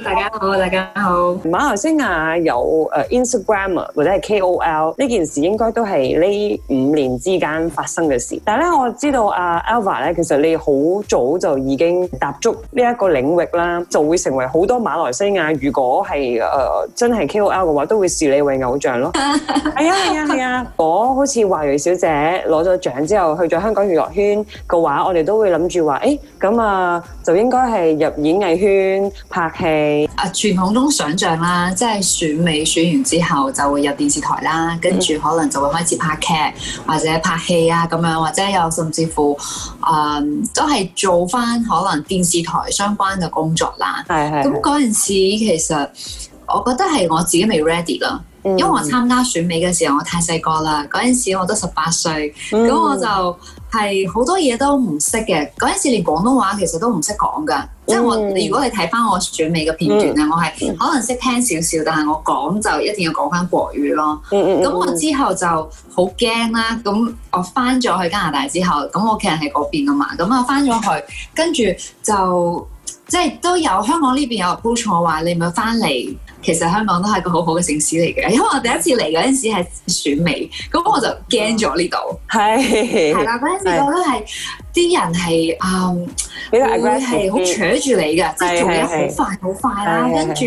大家好，大家好。馬來西亞有誒 Instagram 或者係 KOL 呢件事，應該都係呢五年之間發生嘅事。但係咧，我知道阿 Elva 咧，其實你好早就已經踏足呢一個領域啦，就會成為好多馬來西亞如果係誒真係 KOL 嘅話，都會視你為偶像咯。係啊，係啊，係啊。我好似華裔小姐攞咗獎之後去咗香港娛樂圈嘅話，我哋都會諗住話誒，咁啊就應該係入演藝圈拍戲。啊！傳統中想像啦，即係選美選完之後就會入電視台啦，跟住可能就會開始拍劇或者拍戲啊，咁樣或者有甚至乎啊、呃，都係做返可能電視台相關嘅工作啦。係係。咁嗰陣時其實我覺得係我自己未 ready 咯，嗯、因為我參加選美嘅時候我太細個啦，嗰陣時我都十八歲，咁、嗯、我就。係好多嘢都唔識嘅，嗰陣時連廣東話其實都唔識講㗎。即係我，mm hmm. 如果你睇翻我選美嘅片段咧，mm hmm. 我係可能識聽少少，但係我講就一定要講翻國語咯。咁、mm hmm. 我之後就好驚啦。咁我翻咗去加拿大之後，咁我屋企人喺嗰邊㗎嘛。咁我翻咗去，跟住就即係都有香港呢邊有 push 我話，你咪好翻嚟。其實香港都係個好好嘅城市嚟嘅，因為我第一次嚟嗰陣時係選美，咁我就驚咗呢度。係係啦，嗰陣時覺得係啲人係嗯、呃、會係好扯住你嘅，即係做嘢好快好快啦，跟住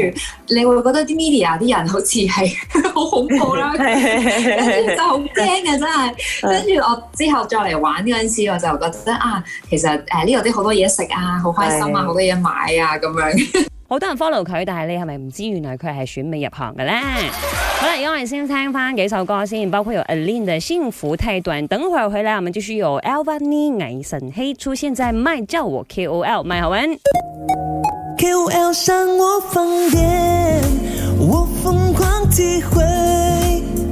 你會覺得啲 media 啲人好似係好恐怖啦、 啊，真係好驚嘅真係。跟住我之後再嚟玩嗰陣時，我就覺得啊，其實誒呢度啲好多嘢食啊，好開心啊，好多嘢買啊咁樣。好多人 follow 佢，但係你係咪唔知原來佢係選美入行嘅咧？ 好啦，而家我哋先聽翻幾首歌先，包括有 Alin 嘅幸福太短。等會兒回來，我們繼續有 Elva Ni 倪晨曦出現在 My，叫我 K O L，My 好玩 K O L 向我放電，我瘋狂體會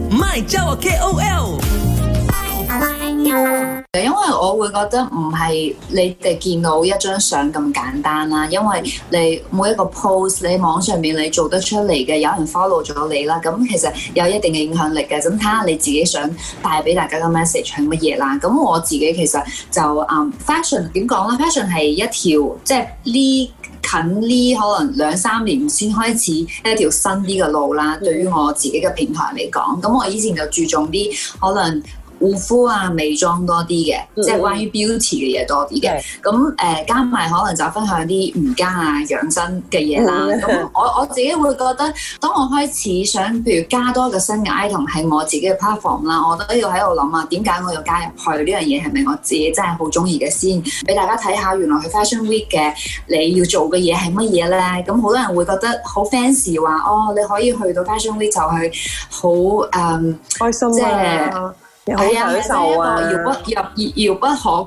，My 叫我 K O L，My 歡迎我。因為我會覺得唔係你哋見到一張相咁簡單啦，因為你每一個 post 你網上面你做得出嚟嘅，有人 follow 咗你啦，咁其實有一定嘅影響力嘅。咁睇下你自己想帶俾大家嘅 message 係乜嘢啦。咁我自己其實就嗯 fashion 點講咧 fashion 係一條即係呢近呢可能兩三年先開始一條新啲嘅路啦。嗯、對於我自己嘅平台嚟講，咁我以前就注重啲可能。護膚啊、美妝多啲嘅，嗯嗯即係關於 beauty 嘅嘢多啲嘅。咁誒對、呃、加埋可能就分享啲瑜伽啊、養生嘅嘢啦。咁、嗯嗯、我我自己會覺得，當我開始想，譬如加多個新嘅 item 係我自己嘅 platform 啦，我都要喺度諗啊，點解我要加入去呢樣嘢？係咪我自己真係好中意嘅先？俾大家睇下，原來去 fashion week 嘅你要做嘅嘢係乜嘢咧？咁好多人會覺得好 fancy，話哦，你可以去到 fashion week 就係好誒開心啦、啊、～即係啊、哎，係、就是、一個遙不入、遙不遙不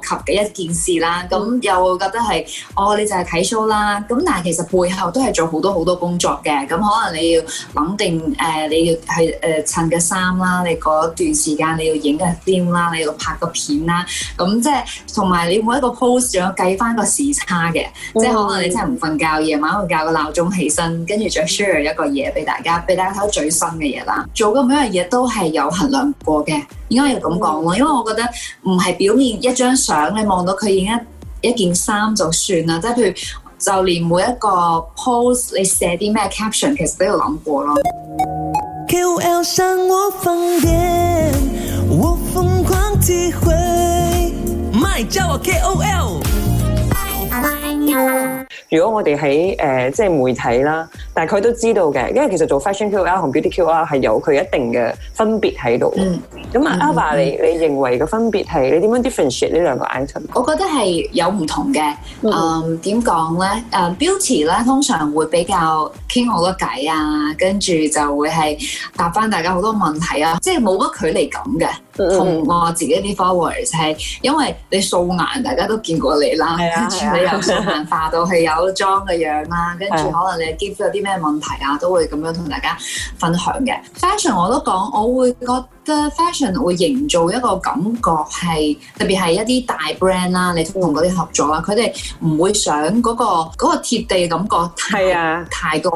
可及嘅一件事啦。咁又覺得係，嗯、哦，你就係睇 show 啦。咁但係其實背後都係做好多好多工作嘅。咁可能你要諗定誒、呃，你要係誒、呃、襯嘅衫啦，你嗰段時間你要影嘅店啦，你要拍個片啦。咁即係同埋你每一個 post 仲要計翻個時差嘅，嗯、即係可能你真係唔瞓覺，夜晚瞓覺個鬧鐘起身，跟住再 share 一個嘢俾大家，俾大家睇到最新嘅嘢啦。做嘅每樣嘢都係有衡量過嘅。應該要咁講咯，因為我覺得唔係表面一張相你望到佢影一一件衫就算啦，即係譬如就連每一個 post 你寫啲咩 caption 其實都有諗過咯。 K O L 上我瘋癲，我瘋狂體會，唔好叫我 K O L，太花如果我哋喺誒即係媒體啦，大概都知道嘅，因為其實做 fashion QR 同 beauty QR 係有佢一定嘅分別喺度。咁啊，Elva，你你認為嘅分別係你點樣 differentiate 呢兩個 item？我覺得係有唔同嘅。嗯、呃，點講咧？誒，beauty 咧通常會比較傾好多偈啊，跟住就會係答翻大家好多問題啊，即係冇乜距離感嘅。同我自己啲 followers 係，因為你素顏大家都見過你啦，跟住、啊啊、你又素顏化到係有妝嘅樣啦，跟住 可能你肌膚有啲咩問題啊，都會咁樣同大家分享嘅。Fashion 我都講，我會覺得。嘅 fashion 會營造一個感覺係，特別係一啲大 brand 啦，你通同嗰啲合作啦，佢哋唔會想嗰、嗰個嗰、嗰個貼地感覺太啊，太過，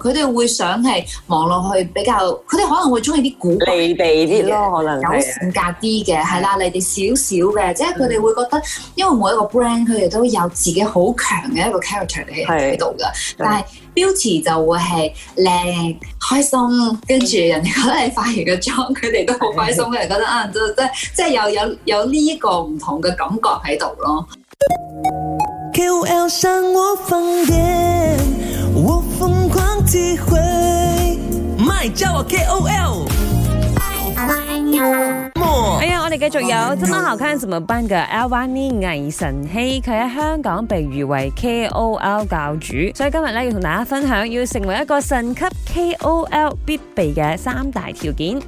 佢哋會想係望落去比較，佢哋可能會中意啲古嚟啲咯，可能有性格啲嘅，係啦、嗯啊，離地少少嘅，即係佢哋會覺得，嗯、因為每一個 brand 佢哋都有自己好強嘅一個 character 喺度㗎，但係。Beauty 就會係靚、開心，跟住人哋覺得你化完個妝，佢哋都好開心。佢哋覺得啊，即即即有有有呢個唔同嘅感覺喺度咯。K O L 生我方便，我瘋狂幾回，快叫我 K O L，快翻嚟咯！哎呀，我哋繼續有、哎、呦尖沙咀 Kensington 班嘅 Alvin 倪晨曦，佢喺香港被譽為 KOL 教主，所以今日咧要同大家分享，要成為一個神級 KOL 必備嘅三大條件。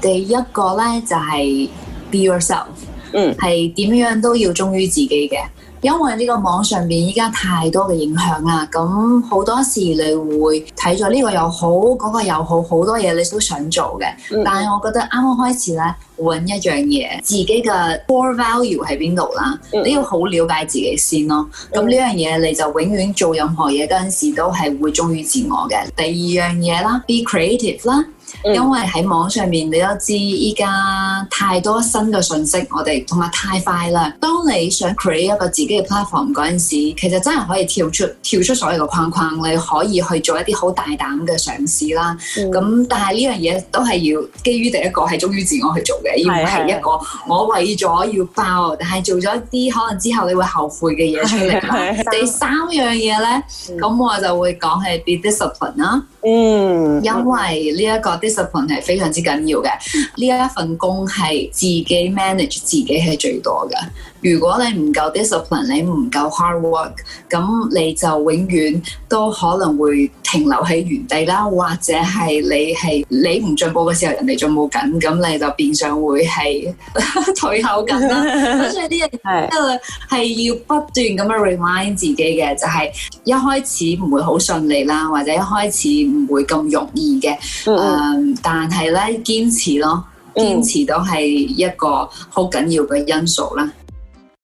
第一個咧就係、是、Be yourself。嗯，係點樣都要忠於自己嘅。因為呢個網上面依家太多嘅影響啦，咁好多時你會睇咗呢個又好，嗰個又好，好多嘢你都想做嘅，嗯、但係我覺得啱啱開始咧，揾一樣嘢，自己嘅 core value 係邊度啦，嗯、你要好了解自己先咯，咁呢樣嘢你就永遠做任何嘢嗰陣時都係會忠於自我嘅。第二樣嘢啦，be creative 啦。因為喺網上面，你都知，依家太多新嘅信息，我哋同埋太快啦。當你想 create 一個自己嘅 platform 嗰陣時，其實真係可以跳出跳出所有嘅框框，你可以去做一啲好大膽嘅嘗試啦。咁、嗯、但係呢樣嘢都係要基於第一個係忠於自我去做嘅，而唔係一個我為咗要爆，但係做咗一啲可能之後你會後悔嘅嘢出嚟。第三樣嘢咧，咁、嗯、我就會講係 be disciplined 啦。嗯，嗯嗯因為呢、這、一個呢係非常之緊要嘅，呢一 份工係自己 manage 自己係最多嘅。如果你唔夠 discipline，你唔夠 hard work，咁你就永遠都可能會停留喺原地啦，或者係你係你唔進步嘅時候，人哋進步緊，咁你就變相會係 退後緊啦。 所以呢樣係要不斷咁樣 remind 自己嘅，就係、是、一開始唔會好順利啦，或者一開始唔會咁容易嘅。嗯、mm. 呃。但係咧堅持咯，堅持都係一個好緊要嘅因素啦。